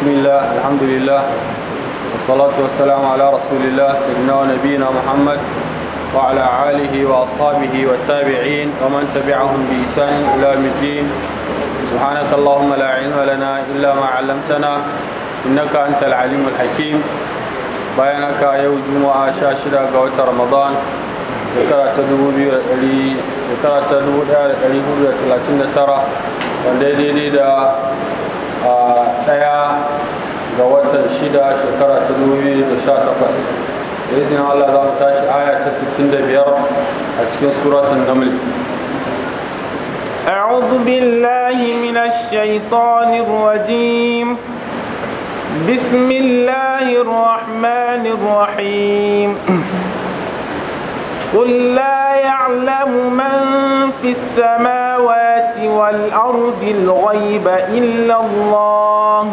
بسم الله الحمد لله والصلاة والسلام على رسول الله سيدنا ونبينا محمد وعلى آله وأصحابه والتابعين ومن تبعهم بإحسان إلى يوم الدين سبحانك اللهم لا علم لنا إلا ما علمتنا إنك أنت العليم الحكيم بينك يوم جمعة شاشرة قوة رمضان shekara ta tara wanda daidai da daya ga watan shida shekara ta 2018 باذن الله za mu tashi aya ta 65 a cikin أعوذ بالله من الشيطان الرجيم بسم الله الرحمن الرحيم قل لا يعلم من في السماوات والأرض الغيب إلا الله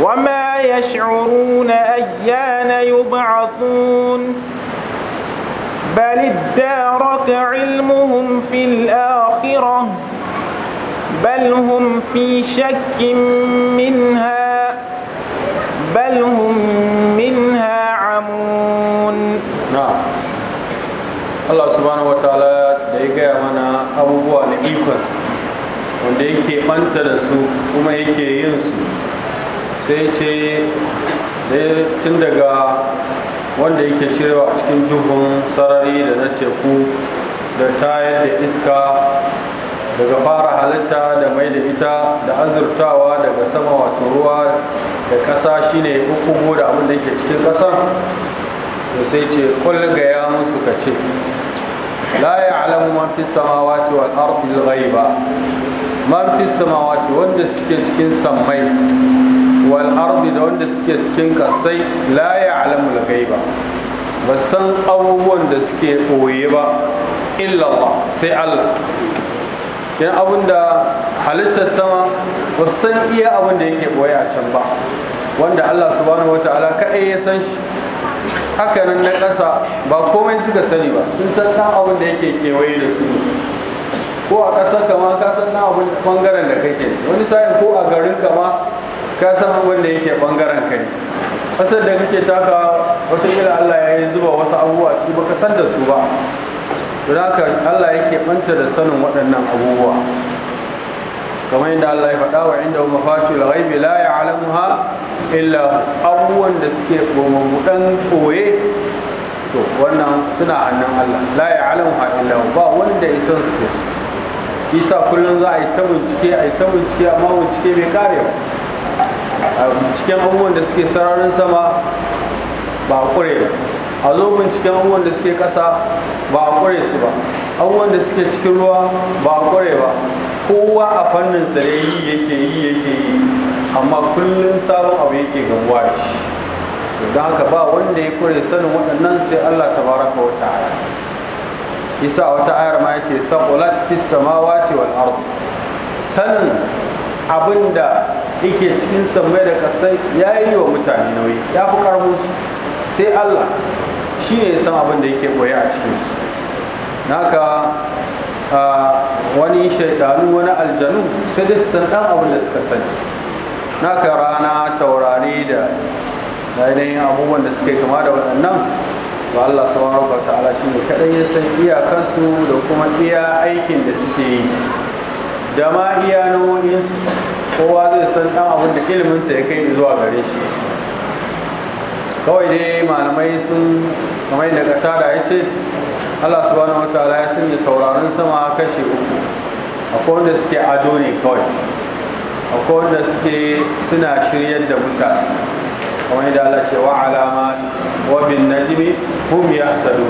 وما يشعرون أيان يبعثون بل ادارك علمهم في الآخرة بل هم في شك منها بل هم منها عمون نعم الله سبحانه وتعالى دايقا منا أبوه لإيقاس wanda أنت ɓanta وما يكي kuma sai ce eh, tun daga wanda yake shirwa a cikin duhun sarari da na teku da tayar da iska daga fara halitta da mai da ita da azurtawa daga sama wato ruwa da ƙasa shine hukumu da abin da yake cikin kasar to sai ce kul ga ya musu ka ce la alamu man fi samawati wal ardi al-ghaiba man fi samawati wanda suke cikin sammai wal ardi da wanda suke cikin kasai la ya'lamu al-ghaiba ba san abubuwan da suke koye ba illallah sai Allah yan abin da halittar sama ba san iya abin da yake koya a can ba wanda Allah subhanahu wataala kaɗai ya san shi hakanan na ƙasa ba komai suka sani ba sun san ɗan abin da yake kewaye da su ko a ƙasar kama ka san ɗan abin ɓangaren da kake wani sai ko a garin kama ka san abin da yake bangaren ka ne kasar da kake taka watakila allah ya yi zuba wasu abubuwa ci baka san da su ba don haka allah yake banta da sanin waɗannan abubuwa kamar yadda allah ya faɗa wa inda mafatu ghaibi la ya'lamuha illa abubuwan da suke gomamudan koye to wannan suna hannun allah la ya'lamuha illa ba wanda ya san su sai su isa kullum za a yi ta bincike a yi ta bincike amma bincike mai kare cikin abubuwan da suke sararin sama ba a kure ba a zo binciken abubuwan da suke ƙasa ba a kure su ba abubuwan da suke cikin ruwa ba a kure ba kowa a fannin sa yi yake yi yake yi amma kullum sabon abu yake gabuwa da shi don haka ba wanda ya kure sanin waɗannan sai allah ta baraka wata ta'ala shi sa wata ayar ma yake thaqulat fis samawati wal ard sanin abinda yake cikin sammai da kasai ya yi wa mutane nauyi ya fi karfinsu sai allah shi ne ya san abin da yake boye a cikinsu naka wani shaidanu wani aljanu sai dai san dan abin da suka sani naka rana taurari da yanayin abubuwan da suka yi kama da waɗannan ba Allah subhanahu wa ta'ala ne kaɗan ya san iyakansu da kuma iya aikin da suke yi da ma iya nau'insu kowa zai san ɗan abin da iliminsa ya kai zuwa gare shi kawai dai malamai sun kamar daga tada ya ce allah subhanahu wa ta'ala ya sanya taurarin sama kashi uku akwai wanda suke ado ne kawai akwai wanda suke suna shiryar da mutane kamar yadda allah ce wa alama wa bin najmi hum yahtadun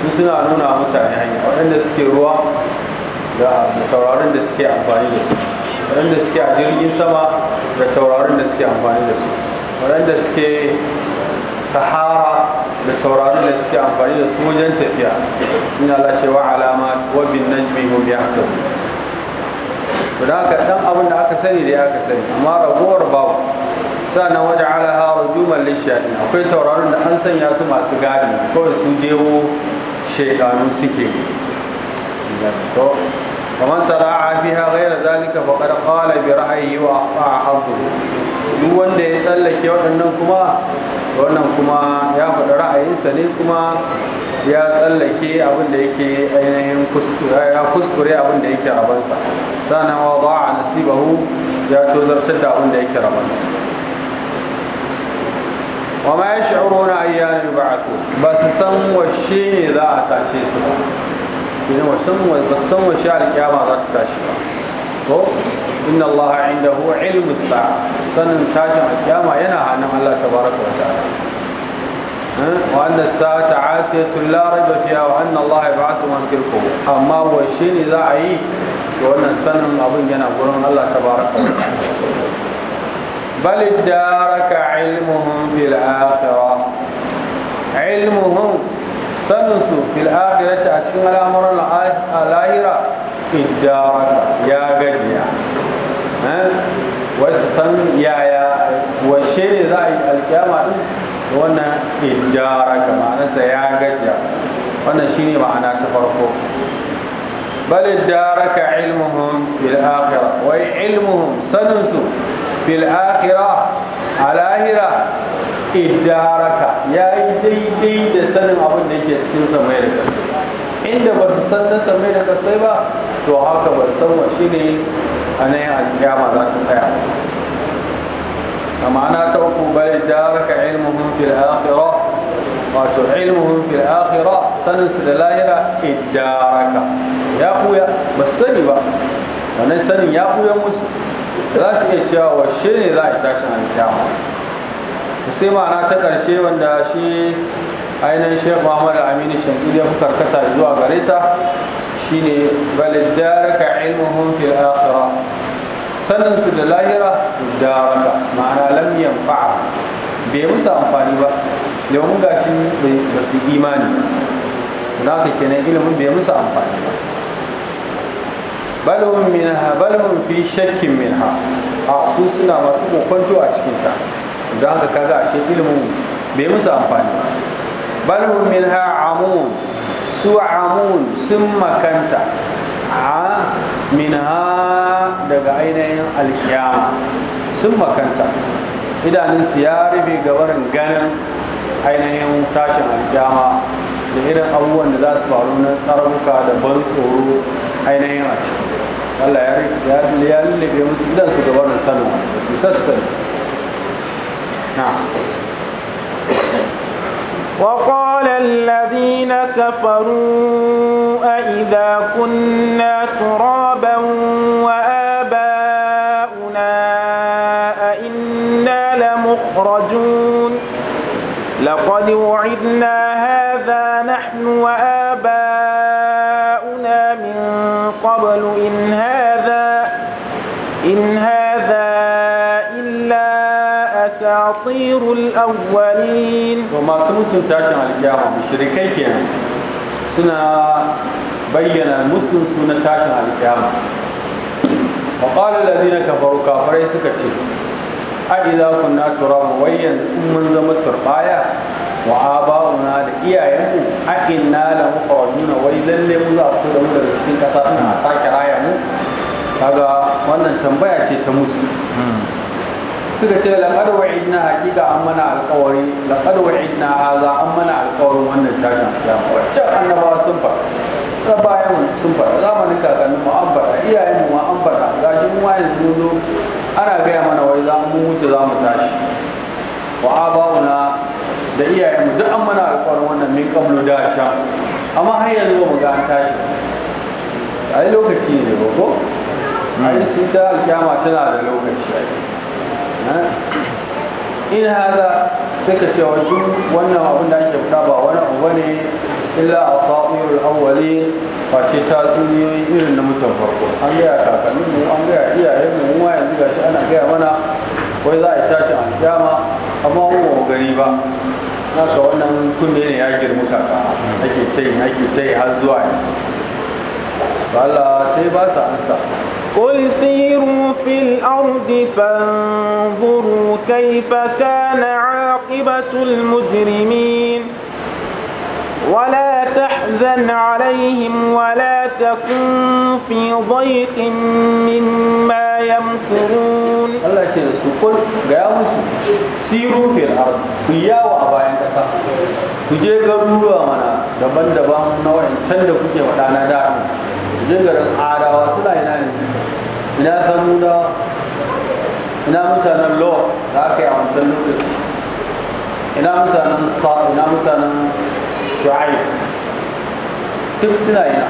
su suna nuna mutane hanya waɗanda suke ruwa da taurarin da suke amfani da su waɗanda suke a jirgin sama da taurarin da suke amfani da su waɗanda suke sahara da taurarin da suke amfani da su wajen tafiya shi na lacewa alama wa bin najmi hum yahtadu to da haka dan abin da aka sani da ya ka sani amma ragowar babu sannan waje alaha rujuman lishaɗi akwai taurarin da an sanya su masu gadi kawai su dewo shaidanu suke yi ومن تراعى فيها غير ذلك فقد قال برأيه وأخطأ حظه duk wanda ya tsallake waɗannan kuma wannan kuma ya faɗi ra'ayinsa ne kuma ya tsallake abin da yake ainihin kuskure abin da yake rabansa sannan wa ba ba'a nasibahu ya tozartar da abin da yake rabansa wa ma ya sha'uruna ayyana yub'athu ba su san washe ne za a tashe su ba kenan ba san wa sha alƙiyama za ta tashi ba ko inna Allah indahu ilmu sa'a sanin tashin alƙiyama yana hannun Allah tabaraka wa ta'ala eh? wa anna sa'ata atiyatun la raiba fiha wa anna Allah yab'athu man fil qubur amma wa shi ne za a yi da wannan sanin abin yana gurin Allah tabaraka wa ta'ala bal daraka ilmuhum fil akhirah ilmuhum saninsu fil akhirati a cikin al'amuran lahira idaraka ya gajiya wai su san yaya washe ne za a yi alkiyama din wannan idaraka ma'anarsa ya gajiya wannan shine ma'ana ta farko bal idaraka ilmuhum fil akhirah wai ilmuhum saninsu fil akhirah a lahira idaraka ya yi daidai da sanin yake cikin samai da kasai inda ba su san na samai da kasai ba to haka ba san wa shi ne a nan alkiyama za ta tsaya amma na ta uku bari daraka ilmuhum fil akhirah wato ilmuhum fil akhirah sanin su da lahira idda raka ya kuya ba sani ba wannan sanin ya kuya musu za su iya cewa wa shi ne za a tashin alkiyama sai ma'ana ta ƙarshe wanda shi ainihin shek muhammadu aminu shankili ya karkata zuwa gare ta shine baliddaraka ilmuhum fil akhirah Sannan su da lahira da raka, ma'ana lam yanfa'a bai musu amfani ba domin gashi ba su imani Na ka kenan ilimin bai musu amfani ba balhum minha balhum fi shakkin minha a su suna masu kokonto a cikinta don haka kaga ashe ilimin bai musu amfani ba balhum minha amun su amun sun makanta a minha daga ainihin alkiyama sun makanta idaninsu ya rufe gabarin ganin ainihin tashin alkiyama da irin abubuwan da za su faru na tsarauka da ban tsoro ainihin a ciki Allah ya lullube musu idan su gabarin sanin da su sassan na وقال الذين كفروا أئذا كنا ترابا asatiru al'awwalin to masu musun tashin alkiyama mushrikai kenan suna bayyana musun suna tashin alkiyama wa qala alladhina kafaru kafarai suka ce a idza kunna turaban wai yanzu in mun zama turbaya wa aba'una da iyayenmu a inna la muqawduna wai lalle mu za fito da mu daga cikin kasa ina sake raya mu kaga wannan tambaya ce ta musu hmm. suka ce laqad wa'idna haqiqa an mana alqawari laqad wa'idna hadha an mana alqawarin wannan tashin kiyama waccan annabawa sun ta bayan sun faɗa zamanin kakannin mu an fara iyayen mu an ga gashi mu yanzu mun zo ana gaya mana wai za mu wuce za mu tashi wa aba'una da iyayen mu duk an mana alƙawarin wannan min kamlu da can amma har yanzu ba mu ga an tashi ai lokaci ne ba ko ai hmm. sun ta alƙiyama tana da lokaci Eh? in haka sai ka cewa duk wannan abin da ake fita ba wani abu ne illa a sa'irul awwali face ta tsuniyoyi irin na mutum farko an gaya kakannin mu an gaya iyayen mu mu yanzu gashi ana gaya mana wai za a yi tashin alkyama amma mu ba mu gani ba haka wannan kunne ne ya girma kaka ake ta yi ake ta yi har zuwa yanzu Allah sai ba sa ansa قل سيروا في الأرض فانظروا كيف كان عاقبة المجرمين ولا تحزن عليهم ولا تكن في ضيق مما يمكرون الله يجعل سكر قيام سيروا في الأرض قيا وعباين كسا je garin suna ina yanzu ina samudawa ina mutanen law da aka yi a wancan lokaci ina mutanen sa ina mutanen shu'aib duk suna ina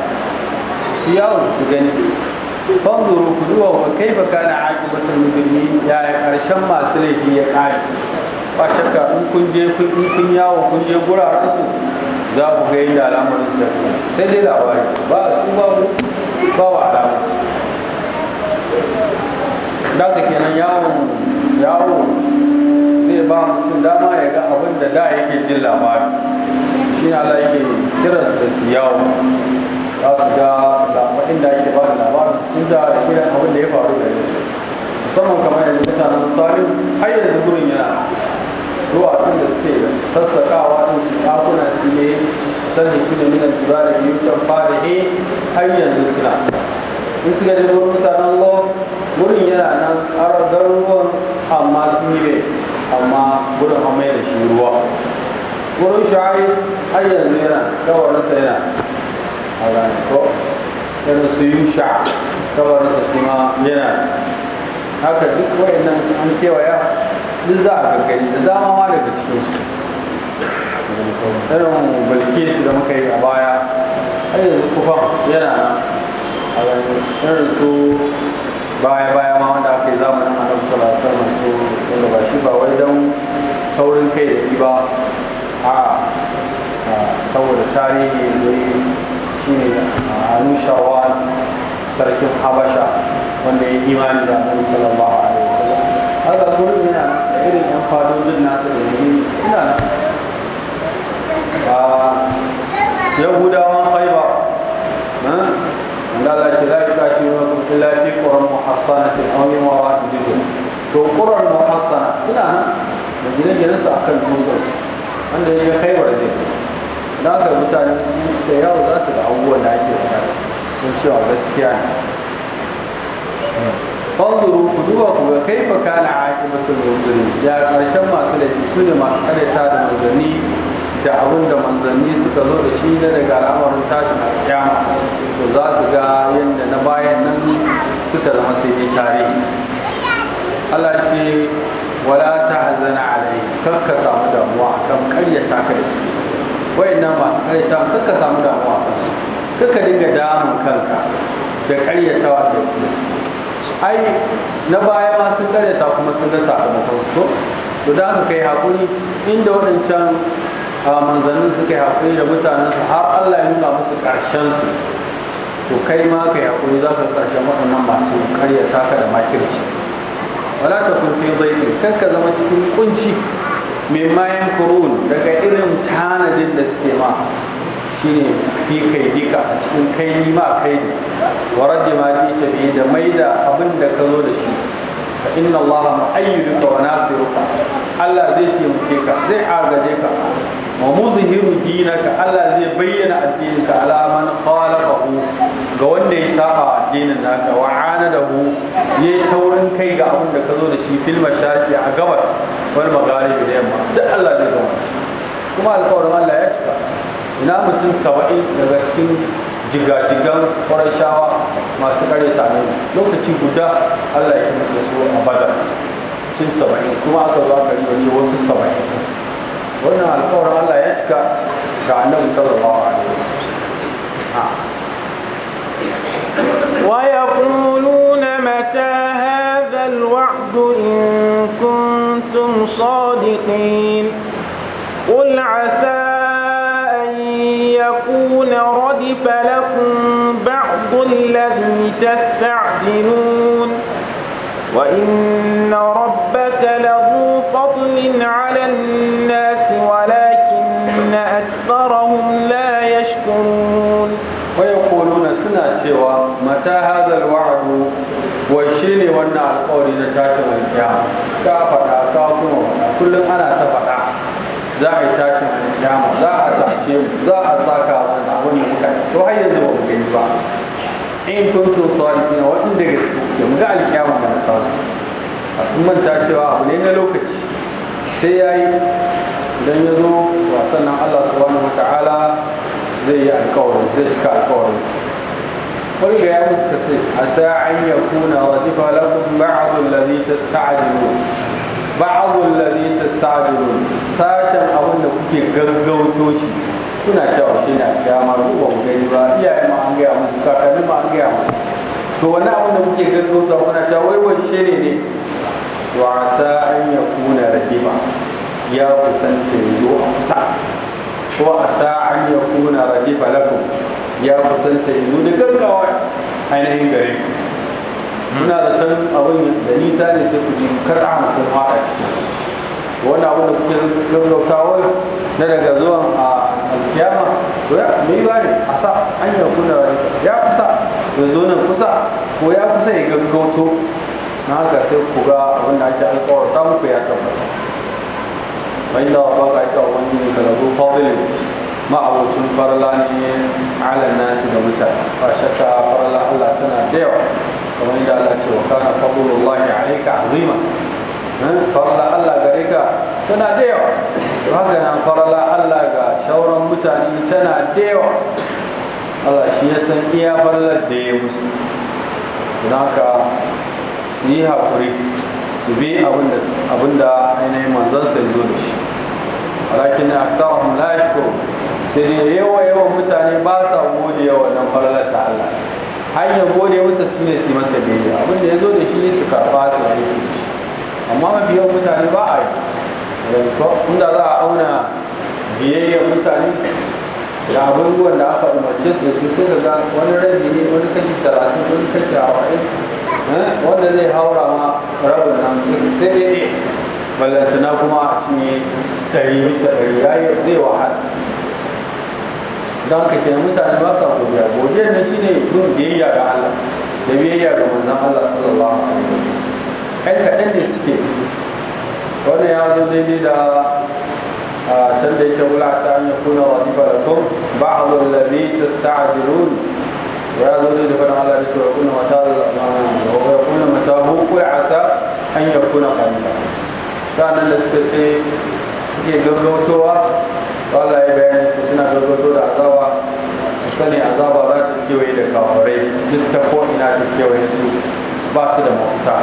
su yawon su gani fanzuru ku duwa wa kai baka na aƙibatar mujirmi ya yi ƙarshen masu laifi ya ƙare ba shakka in kun je in kun yawo kun je guraren su za ku ga yadda al'amarin su sai dai labari ba su babu ba wa alamar su da ka kenan yawo yawo zai ba mutum dama ya ga abin da da yake jin labari shi ne Allah yake kiransu da su yawo za su ga labarin da ake ba da labarin su tun da kiran abin da ya faru gare su musamman kamar yanzu mutanen Salim har yanzu gurin yana duwatsun da suke sassakawa din su ɗakuna su ne don hitu da minan da biyu can fara he har yanzu suna in suka je wurin mutanen lo wurin yana nan ƙarar garuruwan amma sun yi amma wurin amai da shi ruwa wurin sha'ai har yanzu yana gawarinsa yana a ranar ko yana su sha gawarinsa shi ma yana haka duk wayannan sun an kewaya duk za a gaggari da dama ma daga cikinsu irin balke su da muka yi a baya har yanzu kufan yana a ganin irin su baya baya ma wanda aka yi zamanin annabi sallallahu alaihi wasallam su daga ba shi ba wai dan taurin kai da yi ba a saboda tarihi ne shine anushawan sarkin habasha wanda ya imani da annabi sallallahu alaihi wasallam haka gurin yana irin yan fadojin nasu da zini suna nan yahudawan haiba eh? Allah ce la yuqatilunakum illa fi qura muhassanatin aw min wara'i jidr to qura muhassana suna nan da gine-ginen su a kan dutsen wanda ya kai wa zai na ga aka mutane musulmi suka yawo za su da abubuwan da ake faɗa sun cewa gaskiya ne hmm. fanzuru ku duba ku ga kaifa kana aqibatul munzirin ya karshen masu da su ne masu kareta da manzanni da abin da manzanni suka zo da shi na daga al'amarin tashin alƙiyama to za su ga yadda na bayan nan suka zama sai dai tarihi Allah ce wala ta hazana alai kan ka samu damuwa kan karyata ka da wayan wayannan masu karyata kan ka samu damuwa kan su kan ka dinga damun kanka da karyatawa da su ai na baya ma sun karyata kuma sun ga sakamakon su to da haka kai hakuri inda waɗancan manzannin suka yi hakuri da mutanensu har Allah ya nuna musu ƙarshen su to kai ma kai hakuri za ka karshe waɗannan masu karyata ka da makirci wala ta kun fi dhaiqin kar ka zama cikin kunci mai mayan kurun daga irin tanadin da suke ma shine fi kai dika a cikin kai ni ma kai ne wa raddi ma ji ta da maida abin da ka zo da shi fa inna allaha mu'ayyiduka wa nasiruka Allah zai taimake ka zai agaje ka wa muzhiru dinaka Allah zai bayyana addininka ala man khalaqahu ga wanda ya saba addinin naka wa anadahu ya taurin kai ga abin da ka zo da shi fil mashariqi a gabas wal magharibi da yamma duk Allah zai gama kuma alƙawarin Allah ya cika ina mutum sawa'i daga cikin jigajigan shawa masu kareta ne lokaci guda allah ya kima su a badar mutum saba'in kuma aka zo aka riba ce wasu saba'in wannan alkawarin allah ya cika ga annabi sallallahu alaihi wasallam wa ويقولون mata hadha alwa'd in kuntum sadiqin qul عسى ردف لكم بعض الذي تستعجلون وإن ربك لذو فضل على الناس ولكن أكثرهم لا يشكرون ويقولون سنة تيوى متى هذا الوعد وشيني وانا القول نتاشى من كيام كافتا كافتا كافتا كل أنا تفتا زاعي تاشى من kiyama za a tashe mu za a saka mana abu ne muka to har yanzu ba mu gani ba in kuntum sadiqin wa in da gaske kuke mu ga alkiyama mana taso a sun manta cewa abu ne na lokaci sai yayi idan ya zo wasan nan Allah subhanahu wataala zai yi alkawarin zai cika alkawarinsa قل يا مسكسي عسى yakuna wa ردف lakum بعض الذي tasta'dilu ba'adul ta stadiru sashen abin da kuke gaggauto shi kuna cewa shi na ya maru ba gani ba iyaye ma an gaya musu kakanni ma an gaya musu to wani abin da kuke a kuna cewa wai wai shi ne ne wasa an kuna rabiba ya kusanta ya zo a kusa ko sa'an ya kuna rabiba lakum ya kusanta ya zo da gaggawa ainihin gare ku muna da tan abin da nisa ne sai ku ji kar a hankun haɗa cikinsa wannan abin da kuke gaggautawa na daga zuwan a alkiyama to ya mai ba ne a sa an yi kuna ya kusa ya zo nan kusa ko ya kusa ya gaggauto na haka sai ku ga abin da ake alkawarta muku ya tabbata wani da ba ka aika wani ne kalabu fadilin ma'abocin farla ne ala nasi da mutane ba shakka farla allah tana da yawa kamar yadda Allah ce wa kana Allah alayka azima eh, farla Allah gare ka tana da yawa haka nan farla Allah ga shauran mutane tana da yawa Allah shi ya san iya farlar da ya musu don haka su yi haƙuri su bi abinda ainihin manzon sai zo da shi alakin na aktarahum la yashkuru sai dai yawa yawan mutane ba sa gode yawa nan farlar ta Allah hanyar gode mata su ne su yi masa biyayya abinda ya zo da shi su karɓa su aiki da shi amma mafi mutane ba a yi inda za a auna biyayyar mutane da abubuwan da aka umarce su su sai ka ga wani rabi ne wani kashi talatin wani kashi arba'in eh, wanda zai haura ma rabin nan sai dai ne ballantana kuma a cinye ɗari bisa ɗari zai wahala don haka kenan mutane ba sa godiya godiyar shi shine yin biyayya ga Allah da biyayya ga manzon Allah sallallahu alaihi wasallam kai kaɗan ne suke wannan ya zo daidai da can da yake wula sa an yakuna wa dibarakum ba'dhu allazi tasta'jilun wa ya zo daidai da Allah da cewa kuna Allah al-amana wa yakuna matahu qul asa an yakuna qalila sanan da suka ce suke gaggautowa wala ya bayani ce suna gaggauto da azaba su sani azaba za ta kewaye da kawarai duk ta ko ina ta kewaye su ba su da mafita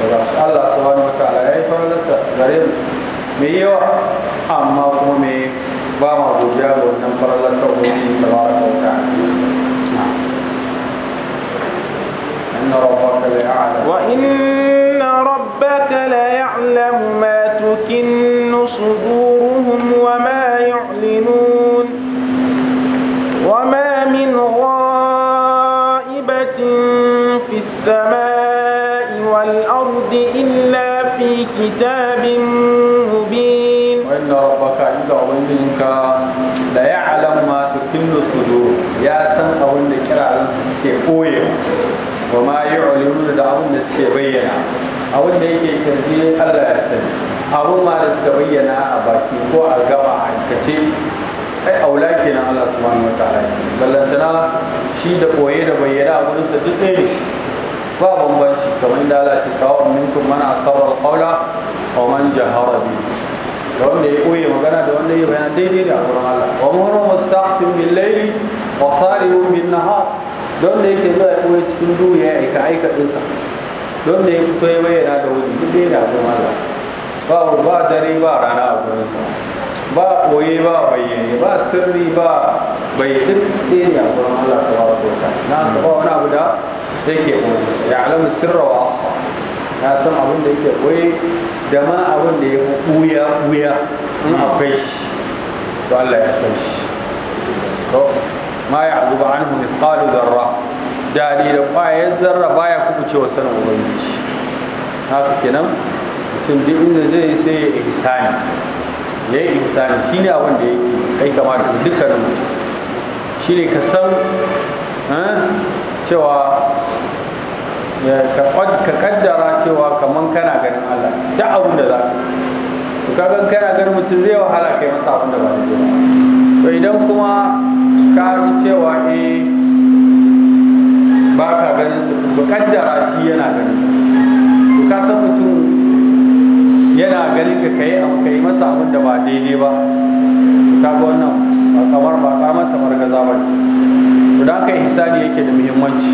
daga shi Allah subhanahu wataala ya yi farlarsa gare mu mai yawa amma kuma mai ba ma godiya ga wannan farlar ta ubangi tabaraka wa ta'ala إن ربك ليعلم وإن ربك ليعلم ما تكن والأرض إلا في كتاب مبين وإن ربك عند أبنك لا يعلم ما تكل صدور يا سن أبن كرا سكي قوي وما يعلنون da abin da suke bayyana abin da yake kirji Allah ya sani abin ma da suka bayyana a baki ko a gaba a aikace ai aula kenan Allah subhanahu wa ta'ala ya sani ballantana shi da koye da bayyana a gurinsa duk ɗaya ba bambanci kamar da Allah ce sawa'un minkum man asarra al wa man jahara bi da wanda ya koye magana da wanda ya bayana daidai da wurin Allah wa huwa mustaqim bil layli wa sarihun bin nahar don da yake zuwa ya cikin duhu ya aika aika dinsa don da ya fito ya bayyana da wuri daidai da wurin Allah ba ba dare ba rana a sa. ba koye ba bayyane ba sirri ba bai duk daidai a wurin Allah tabaraka wa ta'ala na ba wani abu da yake ya alamu sirra wa afa ya san abin da yake koyi da ma abin da ya buya buya in mm. akwai shi to Allah ya san shi to ma ya zuba an hu mithqalu zarra da ni da ƙwayar zarra baya kuce wa sanin ubangiji haka kenan mutum duk inda zai sai ya ihsani ya yi ihsani shi ne abin da ya kamata dukkanin mutum shi ne ka san eh, cewa ka kaddara cewa kamar kana ganin Allah duk abin da za ka kaga kana ganin mutum zai wahala kai masa abin da ba da to idan kuma ka ji cewa eh ba ka ganin sa to kaddara shi yana ganin to ka san mutum yana ganin ka kai abu kai masa abin da ba daidai ba to kaga wannan ba kamar ba ka mata margaza ba ne to da haka yake da muhimmanci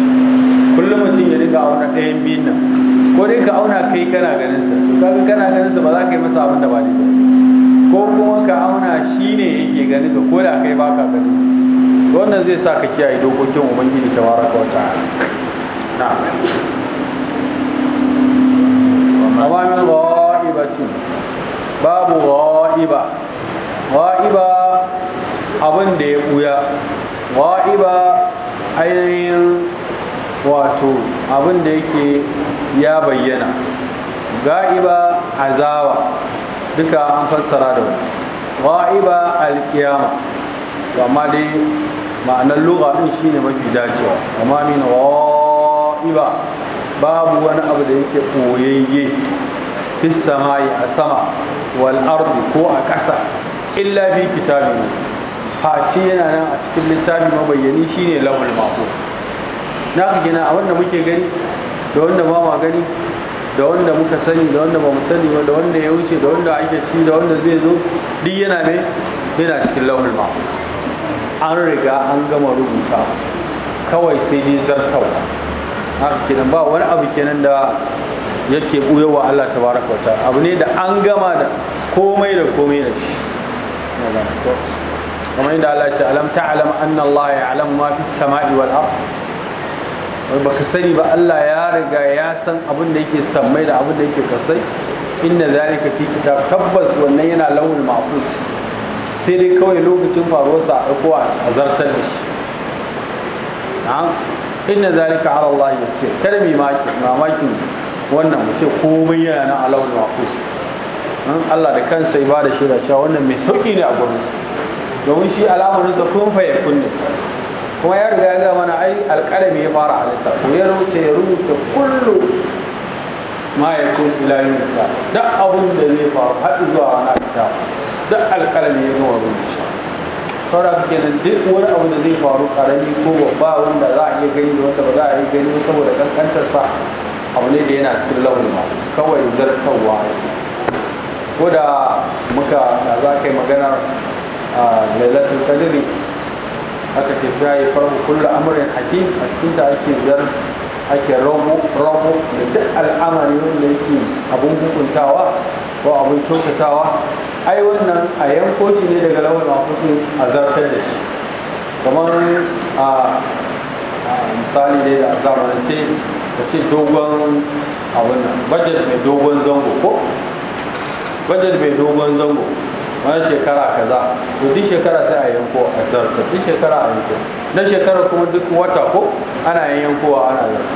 kullum mutum ya dinga auna ɗayan biyun nan ko dai ka auna kai kana ganin sa to kaga kana ganin sa ba za ka yi masa abin da ba ba ko kuma ka auna shi ne yake ganin ka ko da kai baka ganin sa wannan zai sa ka kiyaye dokokin ubangiji tabaraka wa ta'ala na'am amma min ra'ibatin babu ra'iba iba abin da ya buya ga'iba ainihin wato abin da yake ya bayyana ga'iba azawa duka an fassara da wani ga'iba alkiyama amma dai ma'anar lura din shine mafi dacewa amma babu wani abu da yake koyayye fis samai a sama wal ardi ko a ƙasa illa fi kitabin face yana nan a cikin littafi mabayyani shine lawal mahfuz na ga gina a wanda muke gani da wanda ba ma gani da wanda muka sani da wanda ba mu sani ba da wanda ya wuce da wanda ake ci da wanda zai zo duk yana mai yana cikin lawal mahfuz an riga an gama rubuta kawai sai dai zartau haka kenan ba wani abu kenan da yake buyewa Allah tabaraka wa abu ne da an gama da komai da komai da shi kamar yadda Allah ce alam ta'lam anna Allah ya'lam ma fi samai wal ard baka sani ba Allah ya riga ya san abin da yake sammai da abin da yake kasai inna zalika fi kitab tabbas wannan yana launin mahfuz sai dai kawai lokacin faruwar sa a kowa a zartar da shi na'am inna zalika ala Allah yasir kada mai mamakin wannan mu ce komai yana nan a launin mahfuz hmm? Allah da kansa ya bada shaida cewa wannan mai sauki ne a gurinsa domin shi alamarinsa kun faye kunne kuma ya riga ya ga mana ai alƙalami ya fara halitta ko ya rubuta ya rubuta kullu ma ya kun ila yuta duk abun da zai faru har zuwa wani ta duk alƙalami ya gama rubuta saura kenan duk wani abu da zai faru karami ko babba wanda za a iya gani da wanda ba za a iya gani saboda sa abu ne da yana cikin launin ma kawai zartarwa ko da muka na za ka yi a lailatul qadri aka ce fiya yi farko kullu amrin hakim a cikin ta ake zar ake rabu rabu da duk al'amari wanda yake abun hukuntawa ko abun kyautatawa ai wannan a yanko shi ne daga lawan mafi a zartar da shi kamar a misali dai da zamanance ka ce dogon abun nan bajet mai dogon zango ko bajet mai dogon zango wani shekara kaza to duk shekara sai a yanko a tartar duk shekara a yanko na shekara kuma duk wata ko ana yankowa ana yanko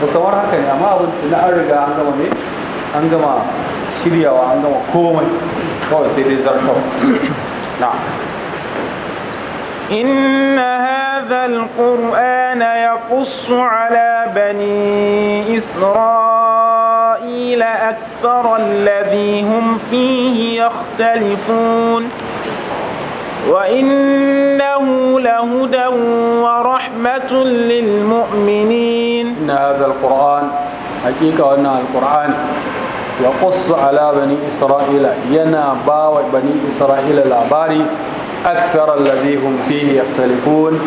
to kamar haka ne amma abin tuni an riga an gama me an gama shiryawa an gama komai kawai sai dai zartawa na إن هذا القرآن يقص على بني إسرائيل قيل أكثر الذي هم فيه يختلفون وإنه لهدى ورحمة للمؤمنين إن هذا القرآن حقيقة أن القرآن يقص على بني إسرائيل ينا باوى بني إسرائيل الأباري أكثر الذي هم فيه يختلفون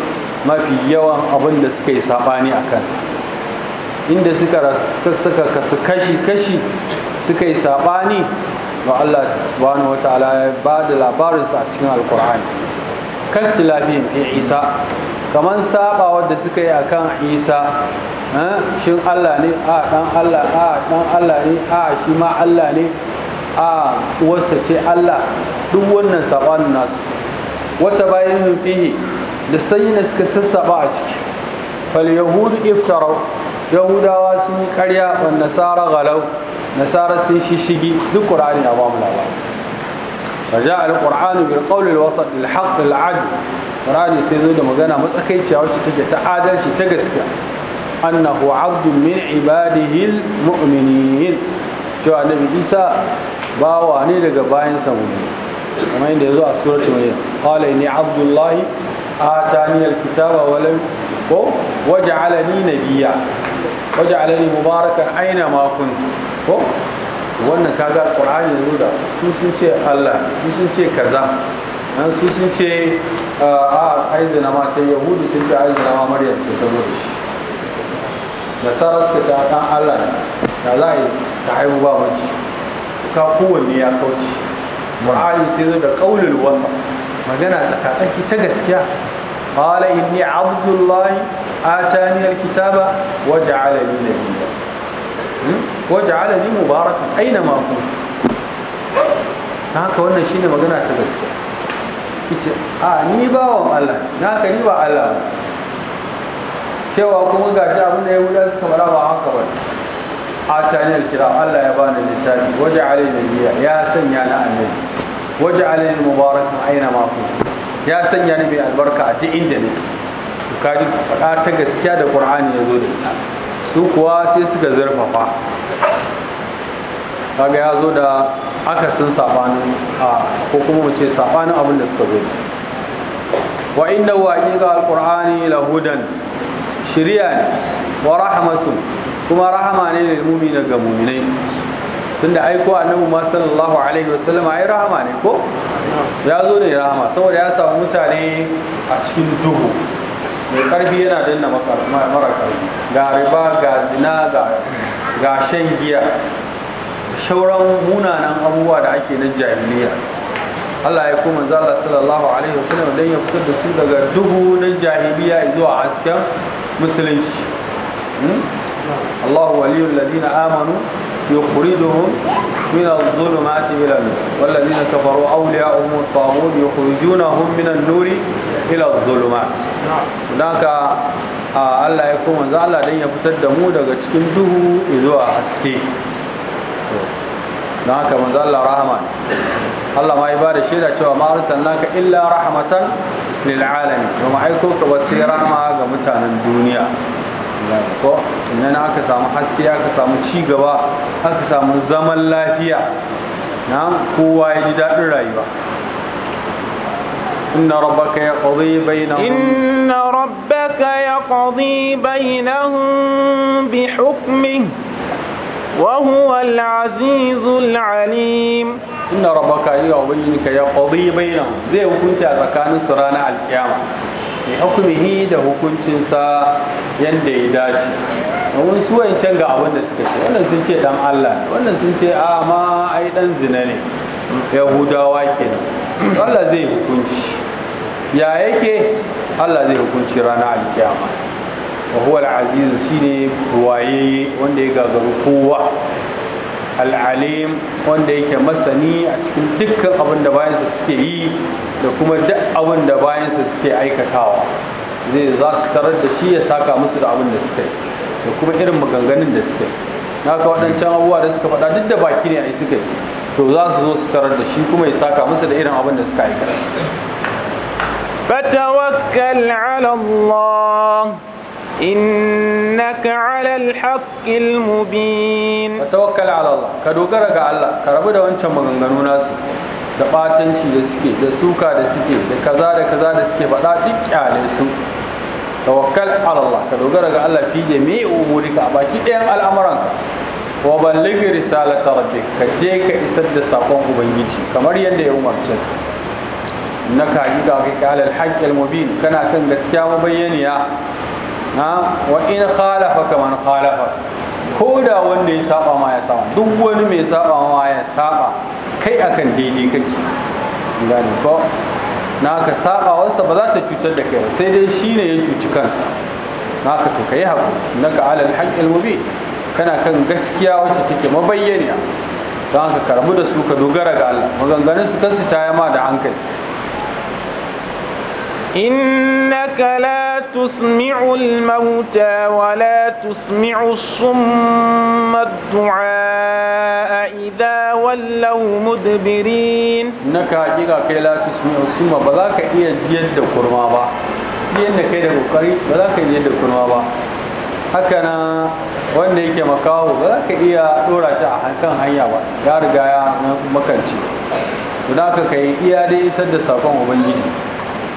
ما في يوم أبن سكي ساباني أكاسا inda suka kasu kashi-kashi suka yi saɓani ba Allah subhanahu wa ta'ala ya ba da labarinsa a cikin alkur'ani kan tilafin fi isa kamar saɓa da suka yi a kan isa shin Allah ne a ɗan Allah a ɗan Allah ne a shi ma Allah ne a uwarsa ce Allah duk wannan saɓani nasu wata bayan fihi da sayyina suka sassaɓa a ciki fal yahudu iftarau yahudawa sun yi karya wa nasara galau nasara sun shishigi duk qur'ani ya ba mu labari raja al-qur'an bil qawli al-wasat lil haqq al qur'ani sai zo da magana matsakaiciya wacce take ta adalci ta gaskiya annahu abdun min ibadihi al-mu'minin cewa nabi isa bawa ne daga bayan sa kamar kuma ya zo a suratul maryam qala inni abdullahi atani alkitaba wa lam ko nabiyya waje mubarakan aina makon ko wannan kaga alqur'ani yanzu da su sun ce allah su sun ce kaza an su sun ce a aizina ma ta yahudu sun ce aizina ma maryam ce ta zo da shi nasara suka ce a Allah allah da za a yi ta haihu ba mace ka kowanne ya kauce ƙwararri sai da ƙaunar wasa magana tsakatsaki ta gaskiya قال إني عبد الله آتاني الكتاب وجعلني نبيا وجعلني مباركا أينما كنت haka wannan shine magana ta gaske kice a ni bawan Allah na ka ni ba Allah cewa kuma gashi abin da ya wuda suka fara ba haka ba a taniyar kira Allah ya bani littafi waje alai nabiya ya sanya na annabi waje alai mubarakan aina ma kuntu ya sanya ni mai albarka a duk inda nake ji faɗa ta gaskiya da ƙur'ani ya zo da ita su kuwa sai suka zurfafa kaga ya zo da akasin sabanin a ko kuma mu ce sabanin abin da suka zo da shi wa inna wa aqiqa alqur'ani lahudan shiriya ne wa rahmatun kuma rahama ne lil mu'mina ga mu'minai tunda ai ko annabi ma sallallahu alaihi wasallam ai rahama ne ko ya zo ne rahama saboda ya samu mutane a cikin duhu mai karfi yana danna mara karfi ga riba ga zina ga shan giya shauran munanan abubuwa da ake na jahiliya Allah ya kuma zalla sallallahu alaihi wasallam don ya fitar da su daga duhu na jahiliya zuwa hasken musulunci hmm? allahu mahaliyu la Amanu, ya ƙuri'u minan zulmatin illan. Wani la daina kafar uwa aure ha'amu, ya ƙuri'u juna, ya ƙuri'u minan nuri, illan zulmatin. Allah ya koma Zaria ɗan ya fita damu daga cikin duhu ya zuba haske. Idan ka Manza'ar Rahman, Allah maha'iba da shaidata wa ma'aza, sannan illa rahmatan ya na calami. Ma'aikuka ba sai Rahma ga mutanen duniya. ko idan aka samu haske aka samu cigaba aka samu zaman lafiya na kowa ya ji daɗin rayuwa إن ربك يقضي بينهم إن ربك يقضي بينهم بحكمه وهو العزيز العليم إن ربك يقضي بينهم زي وكنت أذكان سرانا القيامة bi hukumihi da hukuncinsa yadda ya dace domin su wayancan ga abin da suka ce wannan sun ce dan Allah wannan sun ce a ma ai dan zina ne yahudawa kenan Allah zai hukunci ya yake Allah zai hukunci rana alkiyama wa huwa al-aziz shine ruwaye wanda ya gagaru kowa al'alim wanda yake masani a cikin dukkan abin da bayansa suke yi da kuma duk abin da bayansa suke aikatawa zai za su tarar da shi ya saka musu da abin da suka yi da kuma irin maganganun da suka yi na ka waɗancan abubuwa da suka faɗa duk da baki ne a yi suka yi to za su zo su tarar da shi kuma ya saka musu da irin abin da suka aikata فتوكل على الله innaka ala alhaqqil mubin tawakkal ala Allah ka dogara ga Allah ka rabu da wancan maganganu nasu da batanci da suke da suka da suke da kaza da kaza da suke faɗa duk kyale su tawakkal ala Allah ka dogara ga Allah fi jami'i umurika a baki ɗayan al'amuranka wa balligi risalata rabbik ka je ka isar da sakon ubangiji kamar yadda ya umarce ka innaka hakika kai kalal haqqil mubin kana kan gaskiya mabayyaniya wa in khalafa kaman khalafa ko da wanda ya saba ma ya saba duk wani mai saba ma ya saba kai akan daidai kake gane ko na ka saba wasa ba za ta cutar da kai sai dai shine ya cuci kansa na ka to kai haƙu naka ka alal haƙƙil kana kan gaskiya wacce take mabayyana don haka karbu da su ka dogara ga Allah maganganun su kasu taya ma da hankali إنك لا تسمع الموتى ولا تسمع الصم الدعاء إذا ولوا مدبرين إنك حقيقة كي لا تسمع الصم بذاك إيا جيد كرما با يين كي دا كوكري بذاك جيد كرما با هكذا wanda yake makaho ba za ka iya dora shi a kan hanya ba ya riga ya makance to da ka kai iya dai isar da sakon ubangiji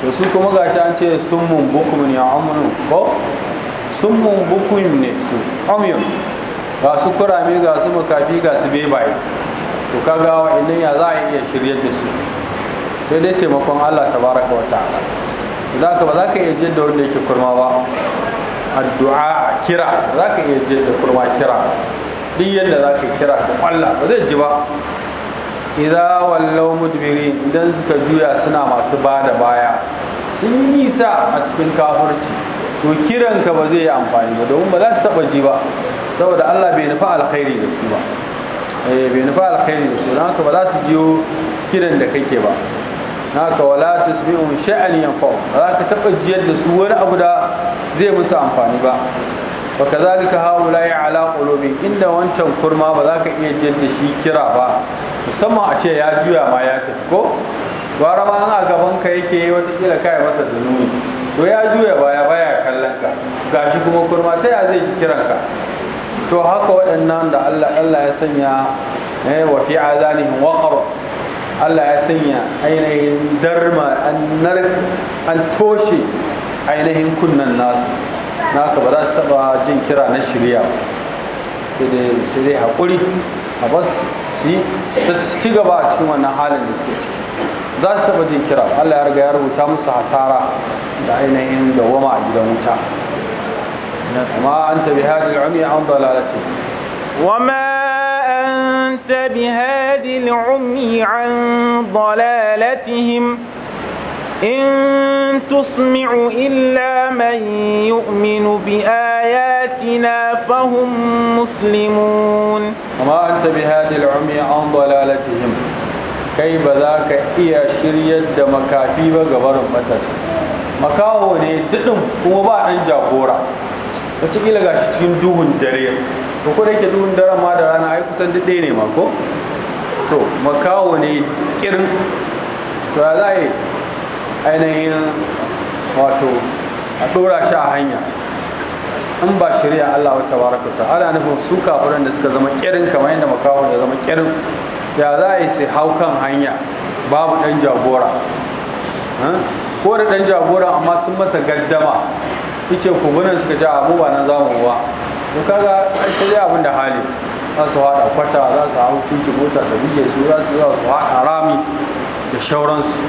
to su kuma gashi an ce summun ne a amunu ko mun bukumin ne su omiyum ga su kurame ga su makafi ga su bebaye to kaga inda ya za a iya shiryar da su sai dai taimakon allah ta baraka wata ala da ka ba za ka iya jin da wanda yake kurma ba addu'a kira za ka iya jin da kurma kira duk yadda za ka kira ka kwalla ba zai ji ba idza wallaw mudbirin idan suka juya suna masu ba da baya sun yi nisa a cikin kafirci to kiranka ba zai yi amfani ba domin ba za su taba ji ba saboda Allah bai nufa alkhairi da su ba eh bai nufa alkhairi da su don haka ba za su jiyo kiran da kake ba ka wala tusbihu sha'an yanfa ba za ka taba jiyar da su wani abu da zai musu amfani ba wa kazalika haula ya ala qulubi inda wancan kurma ba za ka iya jiyar da shi kira ba musamman a ce ya juya ma ya tafi ko gwara ma a gaban ka yake kila kai masa da nuni to ya juya baya baya kallon ka gashi kuma kurma ta ya zai ji kiran ka to haka waɗannan da Allah Allah ya sanya eh wa fi azanihim waqar Allah ya sanya ainihin darma an nar an toshe ainihin kunnan nasu naka ba za su taba jin kira na shirya sai dai haƙuri a bas su yi ci gaba a cikin wannan halin da suke ciki za su taba jin kira allah ya riga ya rubuta musu hasara da ainihin dawama a gidan wuta amma an tabi hadin umi an dalalatu wama أنت بهاد العمي عن ضلالتهم إن تسمع إلا من يؤمن بآياتنا فهم مسلمون وما أنت بهادي العمي عن ضلالتهم kai ba za ka iya shirya da makafi ba gabarin matarsa makaho ne duɗin kuma ba ɗan jagora wataƙila ga shi cikin duhun dare to ko da yake duhun dare ma da rana ai kusan duk ne ma to makaho ne kirin to ya za a yi ainihin wato a ɗora shi a hanya in ba shirya Allah wata baraka ana nufin su kafiran da suka zama kirin kamar yadda makawar da zama kirin ya za a yi sai hau kan hanya babu ɗan jagora ko da ɗan jagora amma sun masa gaddama ice kubunan suka ja abu ba na zamuwa ba to kaga a shirya abin da hali za su haɗa kwata za su hau cincin mota da buge su za su yi su haɗa rami da shauransu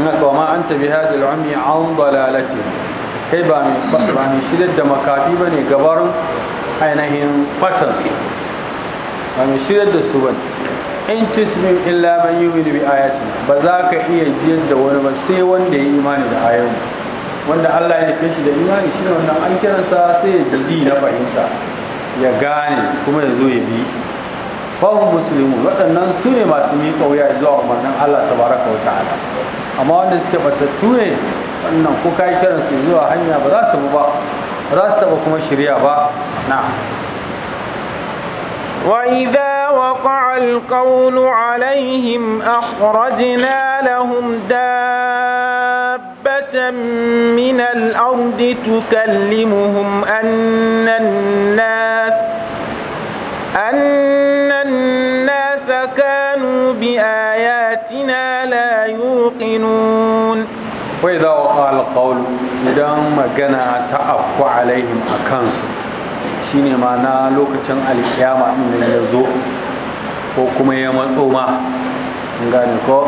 wa ma anta bi hadi al-ummi an dalalati kai ba mai ba mi shirar da makafi bane gabarin ainihin patterns ba mai shirar da su bane in tusmin illa man yu'minu bi ayati ba za ka iya jiyar da wani ba sai wanda ya imani da ayoyi wanda Allah ya nufin shi da imani shi ne wannan an kiransa sai ya jiji na fahimta ya gane kuma ya zo ya bi fahim musulmi waɗannan su ne masu miƙa wuya zuwa umarnin Allah tabaraka wa ta'ala amma wanda suke batattu ne wannan ko kai kiran su zuwa hanya ba za su bu ba ba za su taba kuma shirya ba na وإذا وقع القول عليهم أخرجنا لهم دابة من الأرض تكلمهم أن الناس أن الناس كانوا بآياتنا لا يوقنون وإذا وقع القول إذا مجانا تأبقى عليهم أكنس shine ma na lokacin alkiyama inda ya zo ko kuma ya matso ma gane ko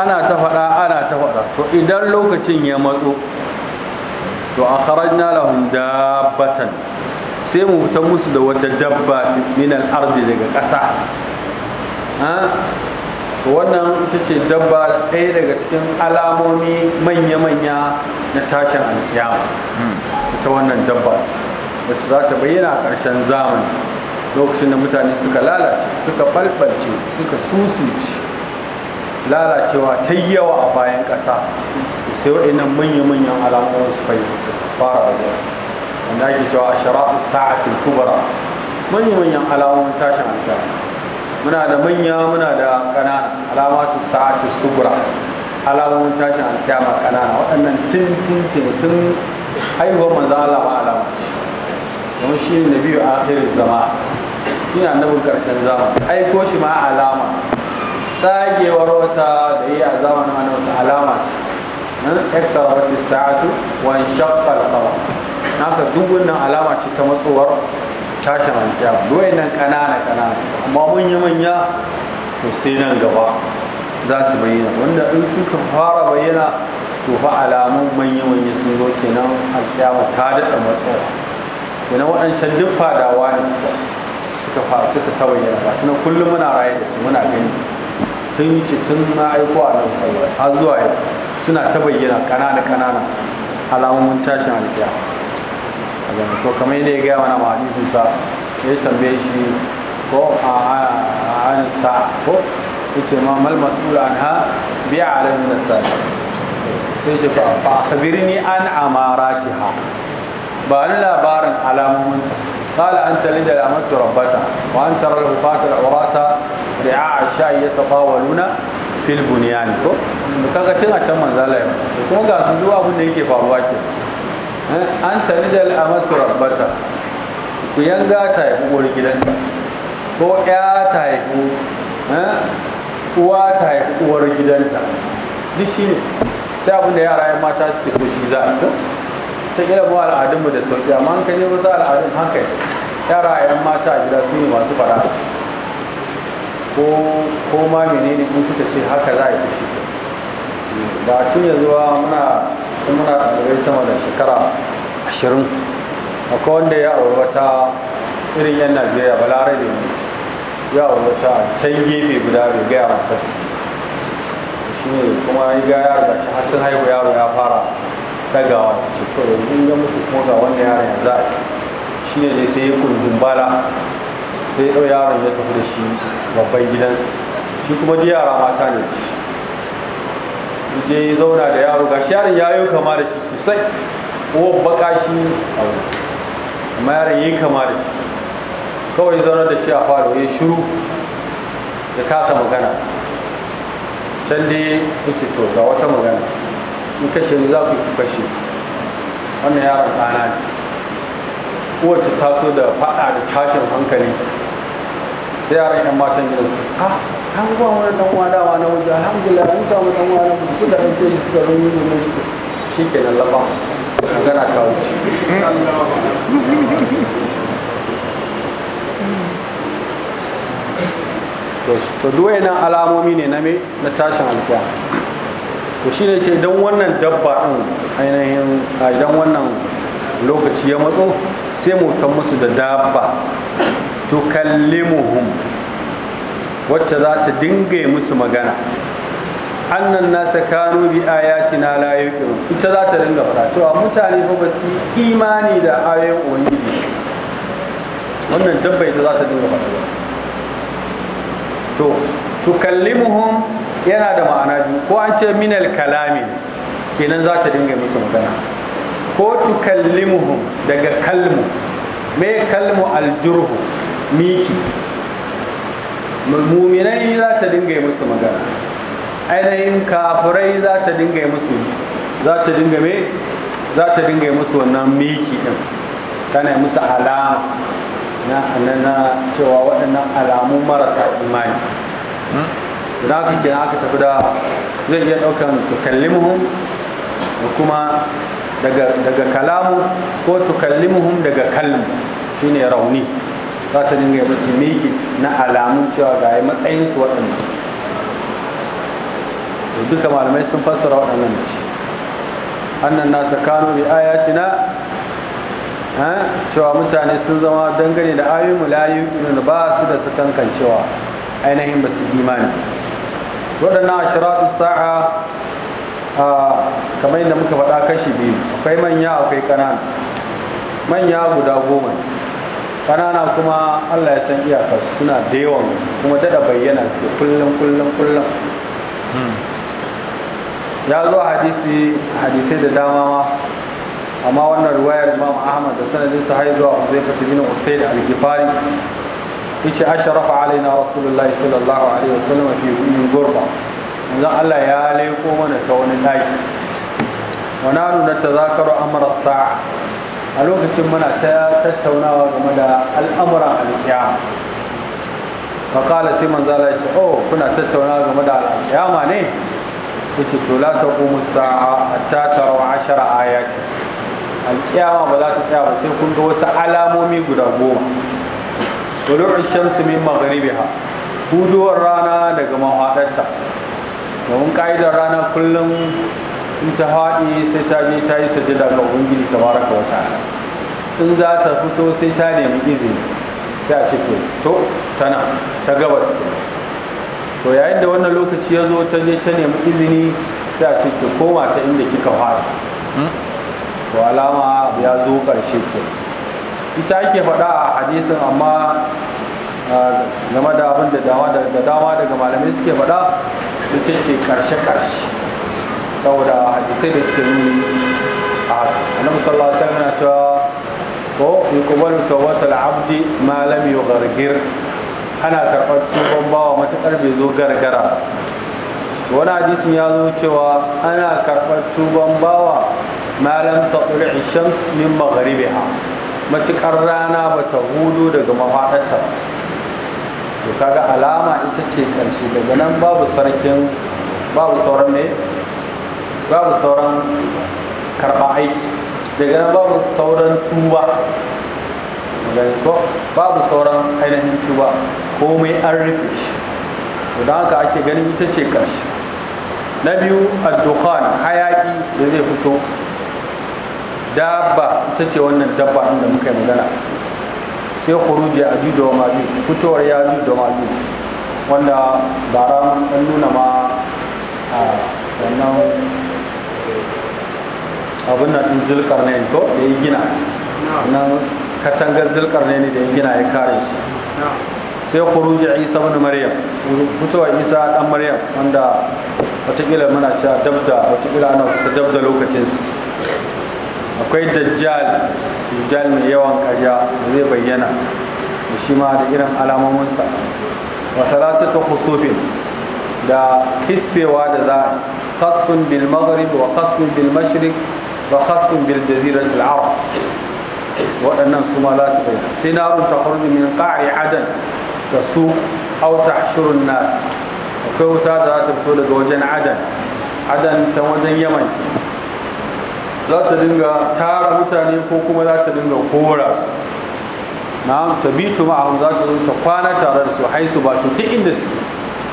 ana ta faɗa ana ta faɗa to idan lokacin ya matso to a kharajna lahum dabbatan sai mu fita musu da wata dabba min al-ardi daga ƙasa to wannan ita ce dabba ɗaya daga cikin alamomi manya-manya na tashin alkiyama hmm. ita wannan dabba wacce za ta bayyana a ƙarshen zamani lokacin da mutane suka lalace suka balbalce suka susuci lalacewa ta yawa a bayan ƙasa sai waɗannan manya-manyan alamomin su fara bayyana wanda ake cewa a shara'u sa'atin kubara manya-manyan alamomin tashin alkiyama muna da manya muna da ƙanana alamatu sa'ati subra alamomin tashin alkiyama ƙanana waɗannan tun tun tun tin haihuwar manzo Allah ba alama ce Kuma shi ne nabiyu akhirin zama shi ne annabin ƙarshen zama aiko shi ma alama tsagewar wata da yi a zamanin wasu alama ce nan hmm? wata sa'atu wa shakkar qamar haka duk wannan alama ce ta matsowar tashin alkiyama duwai nan kanana kanana amma mun yi manya to sai nan gaba za su bayyana wanda in suka fara bayyana to fa alamun manya manya sun zo kenan alkiyama ta daɗa matsawa kenan waɗancan duk fadawa ne suka fara suka ta bayyana ba suna kullum muna raye da su muna gani tun shi tun na aiko a nan har zuwa yau suna ta bayyana kanana kanana alamomin tashin alkiyama to kamar yadda ya gaya mana ma hadisin sa ya tambaye shi ko a an sa ko yace ma mal mas'ul anha bi alam min asal sai ce fa khabirni an amaratiha ba ni labarin alamunta قال أن تلد الأمة ربتها وأن ترى الهفاة العورات رعاء الشاء يتطاولون fil buniyani ko kaga tun a can manzala ya kuma ga sun zuwa abin da yake faruwa ke Eh, an tani da al'amatu rabbata ku yanga ta yi uwar gidan ko ya ta yi eh, uwa ta haifi gidan gidanta duk shi ne sai abin da yara ya mata suke so shi za a ga eh. ta kila mu al'adunmu da sauki amma an kaje wasu al'adun haka yara ya mata a gida su ne masu fara ko ma menene in suka ce haka za a yi to shi ba tun ya zuwa muna muna ɗalibai sama da shekara ashirin akwai wanda ya auri irin yan najeriya balarabe ne ya auri wata mai guda bai gaya matarsa shi ne kuma ya ga yaro da shi haihu yaro ya fara dagawa ce to yanzu ya mutu kuma ga wannan yaron ya za shi ne dai sai ya kundin bala sai ya ɗau yaron ya tafi da shi babban gidansa shi kuma duk yara mata ne shi je ya zauna da yaro ga shi yaron ya yi kama da shi sosai ko baka shi abu amma yaron ya yi kama da shi kawai zauna da shi a falo ya shiru ya kasa magana can dai ya to ga wata magana in kashe ni za ku yi kashe wannan yaron ɗana ne kowace ta taso da faɗa da tashin hankali sai yaran 'yan matan gidan suka ta an ba wani dan uwa dawa na waje alhamdulillah an samu dan uwa na waje suka dauke shi suka rungu ne mai shi ke shikenan lafa magana ta wuce to to duwaye nan alamomi ne na me na tashin alkiya to shine ce don wannan dabba din ainihin idan wannan lokaci ya matso sai mu musu da dabba to kallimuhum wacce za ta dinga musu magana annan nasa kano bi na la yuqinu ita za ta dinga fara cewa mutane ba ba su imani da ayoyin ubangiji wannan dabba ita za ta dinga fara to kallimuhum yana da ma'ana biyu ko an ce minal kalami ne kenan za ta dinga musu magana ko kallimuhum daga kalmu me kalmu aljurhu miki mummunai za ta dinga yi musu magana ainihin kafirai za ta dinga yi musu za ta dinga me za ta dinga yi musu wannan miki din tana yi musu alama na na cewa waɗannan alamun marasa imani da aka kira aka tafi da zai iya ɗaukan tukallimuhun da kuma daga kalamu ko tukallimuhun daga kalmu shine rauni za ta dinga yi musu miki na alamun cewa ga yi matsayinsu waɗannan da duka malamai sun fassara waɗannan da shi annan nasa kano bi na cewa mutane sun zama dangane da ayoyin layu da ba su da su kankancewa ainihin ba su imani waɗannan shiratu sa'a kamar yadda muka faɗa kashi biyu akwai manya akwai ƙanana manya guda goma ne kanana kuma allah ya san iyaka suna da yawan kuma dada bayyana suke kullum kullum kullum hmm. ya zo hadisi hadisai da dama ma amma wannan ruwayar imam ahmad da sanadin sa zuwa zai fata bin usaid al-gifari yace asharafa alaina rasulullah sallallahu alaihi wasallam fi min gurba yanzu allah ya leko mana ta wani daki wa nanu ta amra sa'a a lokacin muna ta tattaunawa game da al'amuran alkiyama makala sai manzala ya ce oh kuna tattaunawa game da alkiyama ne ya ce to la ta sa'a ta tarawa ashara ayati alkiyama ba za ta tsaya ba sai kun ga wasu alamomi guda goma tulu'u shamsu min maghribiha huduwar rana daga mahadarta domin ka'idar rana kullum in ta haɗi sai ta je ta yi sajada ga ubangiji ta baraka wata in za ta fito sai ta nemi izini sai a ce to to tana ta gabas ke to yayin da wannan lokaci ya zo ta je ta nemi izini sai a ce ki koma ta inda kika fara hmm? to alama ya zo ƙarshe ke ita ake faɗa a hadisin amma game da abin da dama daga malamai suke faɗa ita ce ƙarshe-ƙarshe saboda hadisai da suke nuni a annabi sallallahu alaihi wasallam cewa ko yuqbalu al abdi ma lam yughargir ana karɓar tuban bawa matakar bai zo gargara wani hadisin ya zo cewa ana karɓar tuban bawa malam ta tsuri shams min magharibiha matukar rana ba ta hudu daga mafaɗarta to kaga alama ita ce ƙarshe daga nan babu sarkin babu sauran ne babu sauran karɓa aiki daga nan babu sauran tuba babu sauran ainihin tuba komai an rufe shi to don haka ake ganin ita ce karshe na biyu addukhan hayaki da zai fito dabba ita ce wannan dabba inda muka yi magana sai khuruji a juju wa maju fitowar ya juju da wanda bara an nuna ma a wannan abin nan zilkar ne ko da ya gina nan katangar zilkar ne da ya gina ya kare shi sai kuruji isa wani maryam fitowa isa ɗan maryam wanda watakila muna cewa dab da watakila ana kusa dabda da lokacinsa akwai dajjal dajjal mai yawan karya da zai bayyana da shi ma da irin alamominsa wa salasatu khusufin da kispewa da za a خصف بالمغرب وخصف بالمشرق وخصف بالجزيرة العرب وأن سما لا سبيل سنار تخرج من قعر عدن تسوق أو تحشر الناس وكو تادا تبتول قوجن عدن عدن تمودن يمن لا تدنغ تارا متاني كوكو لا تدنغ كوراس نعم تبيت معهم ذات تقوانا تارا رسو حيث باتو تئندس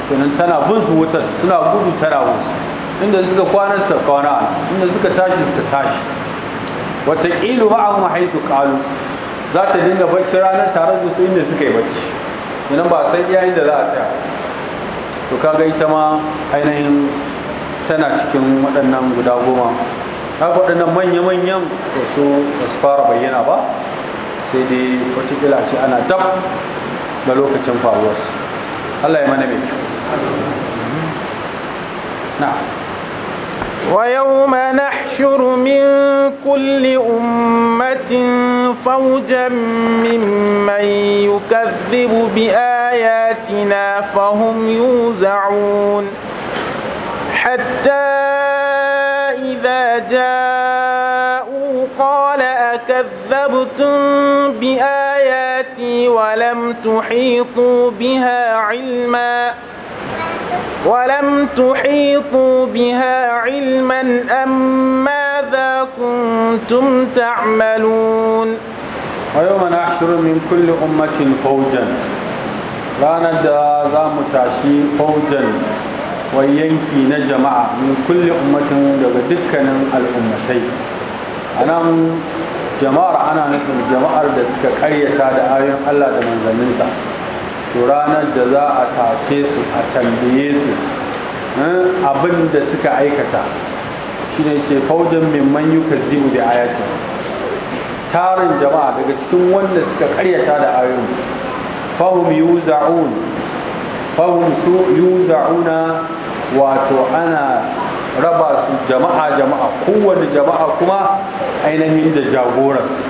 كنن تنا بنس وطن سنا قدو تنا بنس inda suka kwana ta kwana inda suka tashi ta tashi wataƙilu mahai su ƙalu za ta dinga bacci ranar tare da su inda suka yi bacci idan ba san iya inda za a tsaya to kaga ita ma ainihin tana cikin waɗannan guda goma ta waɗannan manya-manyan da su ba su fara bayyana ba sai dai watakila ce ana dab da lokacin faruwarsu allah ya mana mai kyau na ويوم نحشر من كل أمة فوجا ممن يكذب بآياتنا فهم يوزعون حتى إذا جاءوا قال أكذبتم بآياتي ولم تحيطوا بها علماً ولم تحيطوا بها علما أم ماذا كنتم تعملون ويوم نحشر من كل أمة فوجا ranar da za mu tashi faujan wai yanki na jama'a min kulle ummatin daga dukkanin al'ummatai a nan jama'ar ana nufin jama'ar da suka karyata da ayoyin allah da manzanninsa to ranar da za a tashe su a tambaye su eh, abin da suka aikata shine ce faujin mimman ka zibu da ayatin tarin jama'a daga cikin wanda suka karyata da ayoyin yi za'un fahim su za'una wato ana raba su jama'a jama'a kowane jama'a kuma ainihin da jagoransu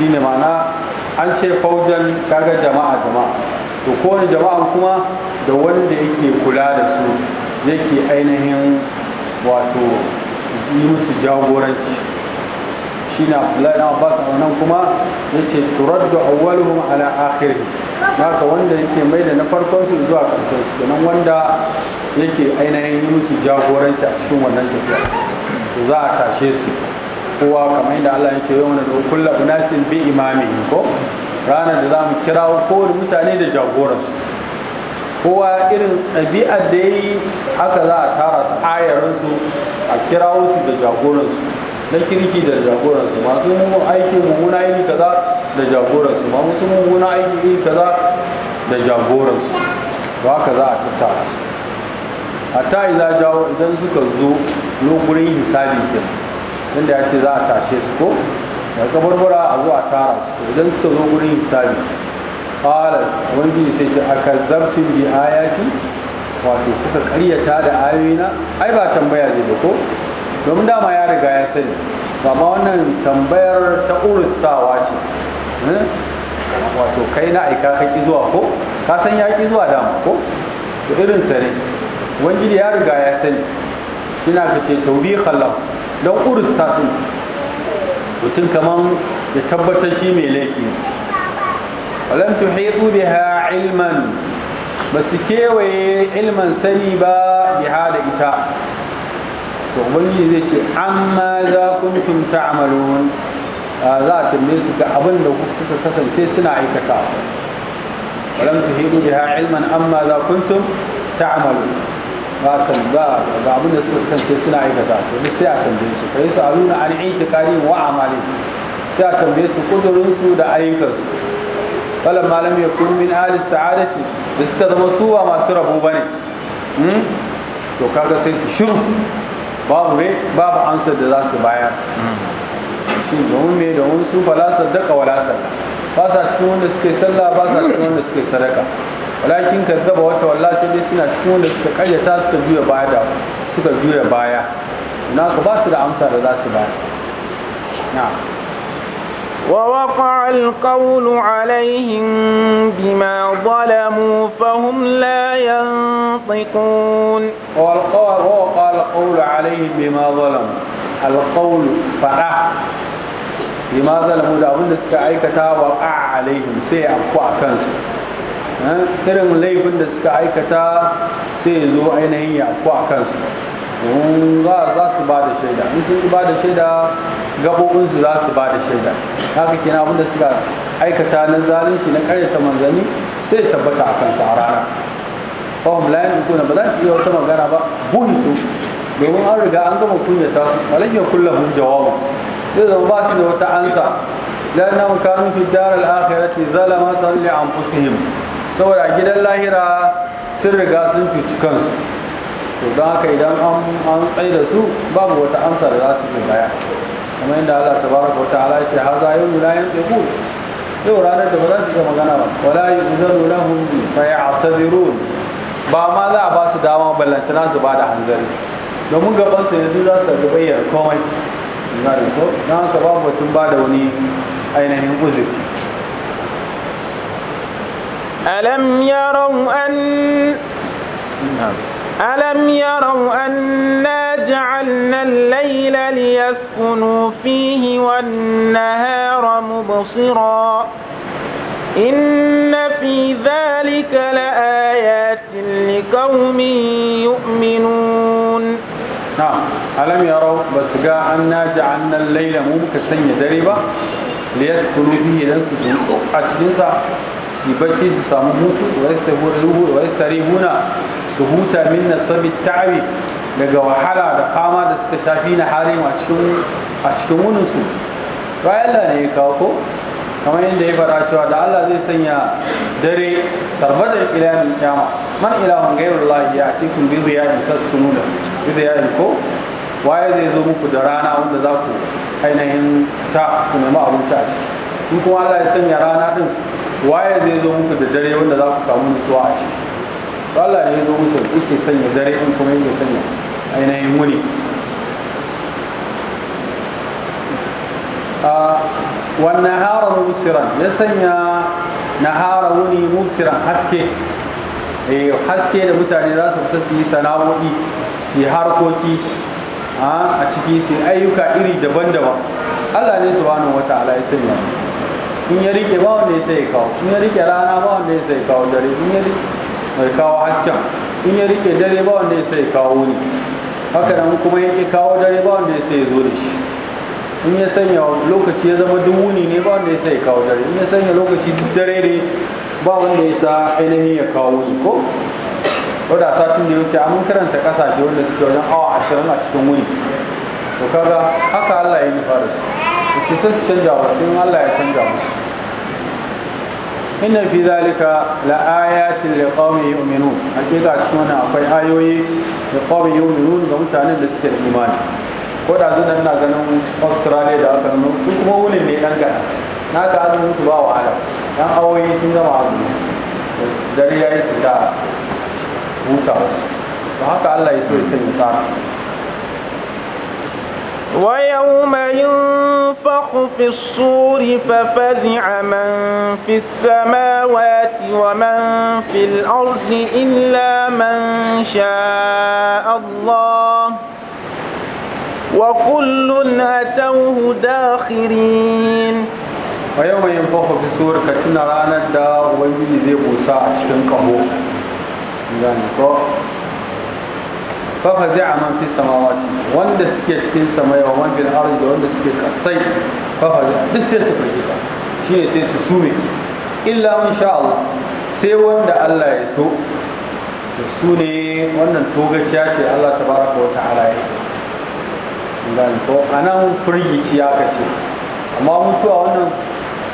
ne ma'ana an ce faujan kaga jama'a jama'a to kowane jama'a kuma da wanda yake kula da su yake ainihin wato yi musu jagoranci shi na abdullahi na abbas a nan kuma ya ce turar da awwaluhum ala akhiri haka wanda yake mai da na farkon su zuwa karshen su nan wanda yake ainihin yi musu jagoranci a cikin wannan tafiya to za a tashe su kowa kamar inda Allah ya ce yau na da kullu nasin bi imami ko ranar da za mu kira kowane mutane da jagoransu kowa irin ɗabi'ar da ya yi haka za a tara su ayarinsu a kira wasu da jagoransu na kirki da jagoransu masu aikin mummuna iri kaza da jagoransu masu mummuna aiki iri kaza da jagoransu ba haka za a tattara su a hatta iza jawo idan suka zo lokurin hisabi kenan inda ya ce za a tashe su ko daga barbara a zuwa tara su to idan suka zo gurin hisabi qala wanda sai ce akadzabtum bi ayati wato kuka karyata da ayoyina ai ba tambaya zai ba ko domin dama ya riga ya sani ba ma wannan tambayar ta uristawa ce eh? wato kai na aika ka ki zuwa ko ka san ya ki zuwa dama ko to irin sa ne wangiji ya riga ya sani kina ka ce tauri khallam don urista sun mutum kaman ya tabbatar shi mai laifi walam tuhitu biha ilman ba su kewaye ilman sani ba biha da ita to ubangiji zai ce amma za kuntum ta'malun za a tambaye su ga abin da suka kasance suna aikata walam tuhitu biha ilman amma za kuntum ta'malun fatan ba ga abin da suka kasance suna aikata to ni sai a tambaye su kai su aluna an kari wa amali sai a tambaye su kudurin su da ayyukan su falan malam ya kun min ali sa'adati da suka zama su ba masu rabo bane hmm? to kaga sai su shiru babu ne babu ansar da za su bayar shi domin me domin su ba la sadaka wala sallah ba sa cikin wanda suke sallah ba sa cikin wanda suke sadaka walakin kazzaba wata wallahi sai dai suna cikin wanda suka karyata suka juya baya da suka juya baya na ku ba su da amsa da za su bayar na'am ووقع القول عليهم بما ظلموا فهم لا ينطقون ووقع القول عليهم بما ظلموا القول فأه بما ظلموا دا أبن سكا أيكتا وقع عليهم سيأبقوا أكنسوا irin laifin da suka aikata sai ya zo ainihin yaku a kansu domin za su ba da shaida in sun ba da shaida gabobinsu za su ba da shaida haka kenan abinda suka aikata na zalunci na karyata manzanni sai tabbata a kansu a rana fahim layan ikuna ba za su iya wata magana ba buhitu domin an riga an gama kunyata su malage kullahun jawabu zai zama ba su da wata ansa لأنهم كانوا في الدار الآخرة ظلمة لأنفسهم saboda gidan lahira sun riga sun cuci kansu to don haka idan an tsaye da su babu wata amsa da za su yi baya kamar yadda Allah tabaraka baraka wata ala ce haza wula yin yantiqun yau ranar da ba za su iya magana ba wala yu'zanu lahum wula ya'tadirun ba ma za a ba su dama ballantana su ba da hanzari domin gaban su yanzu za su ga bayyana komai na don haka babu batun ba da wani ainihin uzuri ألم يروا أن ألم يروا أنا جعلنا الليل ليسكنوا فيه والنهار مبصرا إن في ذلك لآيات لقوم يؤمنون نعم ألم يروا بس جاء أنا جعلنا الليل مبكسين دريبا ليسكنوا فيه لنسوا أتجنسا su bacci su samu hutu wa huna su huta min sabi ta'abi daga wahala da fama da suka shafi na harin a cikin wuninsu bayan ne ya kawo ko kamar yadda ya faɗa cewa da Allah zai sanya dare sarbadan ilayen kyama man ilahun gairar lahi ya tikun bi ziyayin taskununa bi ko waye zai zo muku da rana wanda za ku ainihin fita ku nemi abinci a ciki in kuma Allah ya sanya rana din waye zai zo muku da dare wanda za ku samu nutsuwa a ciki To Allah ne ya zo musu yake sanya dare in kuma yake sanya ainihin wuni a wannan hara musiran ya sanya na hara wuni musiran haske eh, haske da mutane za su fita su yi sana'o'i su yi harkoki a ciki su ayyuka iri daban-daban Allah ne subhanahu wata ala ya sanya in ya rike ba wanda ya sai kawo in ya rike rana ba wanda ya sai kawo dare in ya rike mai kawo hasken in ya rike dare ba wanda ya sai kawo ne haka nan kuma yake kawo dare ba wanda ya sai zo da shi in ya sanya lokaci ya zama duwuni ne ba wanda ya sai kawo dare in ya sanya lokaci duk dare ne ba wanda ya sa ainihin ya kawo ni ko da satin da ya wuce an karanta kasashe wanda suke wajen awa ashirin a cikin wuni to kaga haka allah ya nufa da su su sai su canja ba sai Allah ya canja musu inna fi zalika la ayatin li qaumin yu'minun hakika cikin wannan akwai ayoyi da qaumin yu'minun ga mutanen da suke da imani ko da zan na ganin Australia da aka nuna su kuma wunin ne dan gana na ga azumin su ba wahala su dan awoyi sun gama azumin su dare yayi su ta huta su to haka Allah ya so ya sanya tsara ويوم ينفخ في الصور ففزع من في السماوات ومن في الأرض إلا من شاء الله وكل أتوه داخرين ويوم ينفخ في الصور كتنا رانا دا ويجي زي بوسا أتشكن zai a man fi samawati wanda suke cikin samai wa man bil ardi da wanda suke kasai fafa zai duk sai su firgita ne sai su sume illa mun sha Allah sai wanda Allah ya so to su ne wannan togaciya ce Allah tabaraka wa ta'ala ya gani ko anan firgici ka ce amma mutuwa wannan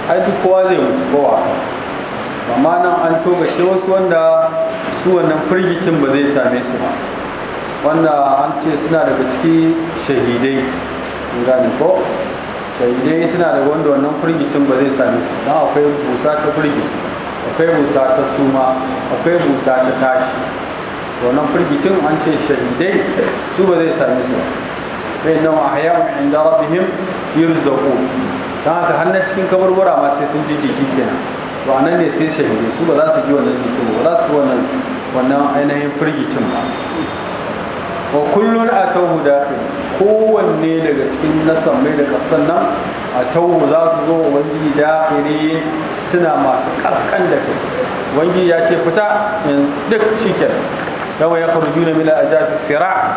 ai duk kowa zai mutu kowa amma nan an togace wasu wanda su wannan firgicin ba zai same su ba wanda an ce suna daga ciki shahidai gane ko shahidai suna daga wanda wannan firgicin ba zai same su don akwai busa ta firgici akwai busa ta suma akwai busa ta tashi wannan firgicin an ce shahidai su ba zai same su bai nan a haya inda rabbihim yurzaqu don haka har na cikin kabarbura ma sai sun ji jiki kenan to anan ne sai shahidai su ba za su ji wannan jikin ba za su wannan wannan ainihin firgicin ba wa kullun atahu dakhil kowanne daga cikin mai da kasan nan a atahu za su zo wa ubangiji ne suna masu kaskan da kai wangi ya ce fita yanzu duk shikenan yawa ya juna mila a jasi sira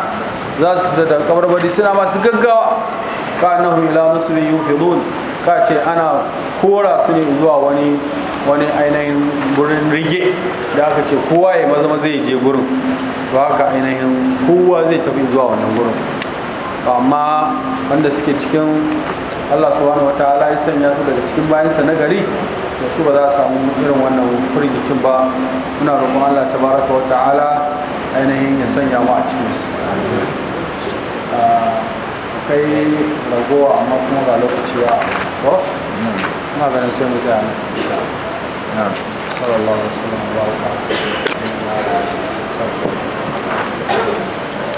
za su fita da kamar bari suna masu gaggawa ka na hula musu muslimin yuhidun ka ce ana kora su ne zuwa wani wani ainihin gurin rige da aka ce kowa ya maza maza ya je gurin to haka ainihin kowa zai tafi zuwa wannan gurin amma wanda suke cikin allah subhanahu wataala ya sanya su daga cikin bayansa na gari da su ba za a samu irin wannan firgicin ba muna roƙon allah tabaraka wataala ainihin ya sanya mu a cikin su ah, kai ragowa amma kuma ba lokaci ba ko ina ganin sai mu tsaya sallallahu alaihi wasallam wa Thank you.